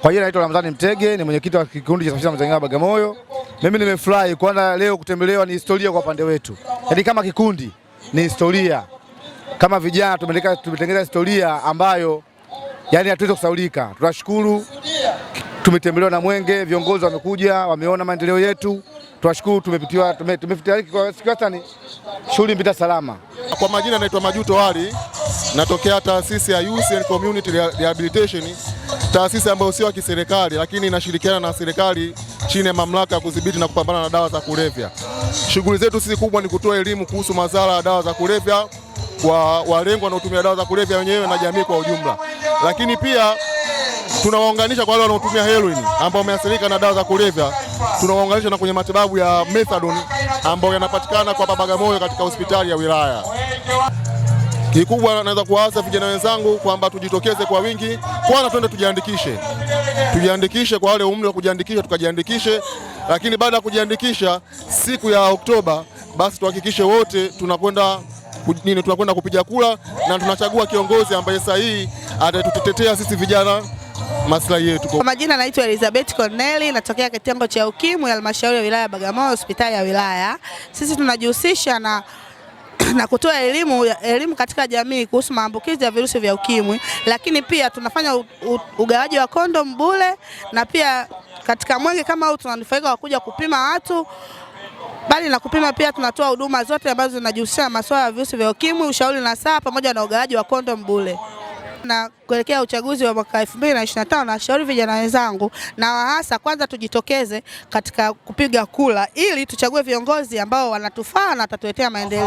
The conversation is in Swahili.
Kwa jina naitwa Ramzani Mtege, ni mwenyekiti wa kikundi cha safisha mazingira Bagamoyo. Mimi nimefurahi kwanza leo kutembelewa, ni historia kwa upande wetu, yaani kama kikundi ni historia, kama vijana tumetengeneza historia ambayo yani hatuwezi kusaulika. Tunashukuru tumetembelewa na Mwenge, viongozi wamekuja, wameona maendeleo yetu, tunashukuru. Tumepitiwa tumefitariki kwa siku hatani, shughuli mpita salama. Kwa majina naitwa Majuto Ali, natokea taasisi ya Youth and Community Rehabilitation taasisi ambayo sio ya kiserikali lakini inashirikiana na serikali chini ya mamlaka ya kudhibiti na kupambana na dawa za kulevya. Shughuli zetu sisi kubwa ni kutoa elimu kuhusu madhara ya dawa za kulevya kwa walengwa wanaotumia dawa za kulevya wenyewe na jamii kwa ujumla, lakini pia tunawaunganisha kwa wale wanaotumia heroin ambao wameathirika na dawa za kulevya, tunawaunganisha na kwenye matibabu ya methadone ambayo yanapatikana kwa Bagamoyo katika hospitali ya wilaya. Kikubwa naweza kuwaasa vijana wenzangu kwamba tujitokeze kwa wingi, kwanza twende tujiandikishe, tujiandikishe kwa wale umri wa kujiandikisha, tukajiandikishe. Lakini baada ya kujiandikisha siku ya Oktoba, basi tuhakikishe wote tunakwenda nini, tunakwenda kupiga kura na tunachagua kiongozi ambaye sahihi atatutetea sisi vijana maslahi yetu. Kwa majina naitwa Elizabeth Corneli, natokea kitengo cha ukimwi halmashauri ya wilaya ya Bagamoyo, hospitali ya wilaya. Sisi tunajihusisha na na kutoa elimu, elimu katika jamii kuhusu maambukizi ya virusi vya ukimwi, lakini pia tunafanya u, u, ugawaji wa kondom bure, na pia katika mwenge kama huu tunanufaika wakuja kupima watu bali na kupima pia tunatoa huduma zote ambazo zinajihusisha na masuala ya virusi vya ukimwi, ushauri na saa pamoja na ugawaji wa kondom bure. Na kuelekea uchaguzi wa mwaka 2025 nashauri vijana wenzangu na hasa kwanza tujitokeze katika kupiga kura ili tuchague viongozi ambao wanatufaa na watatuletea maendeleo.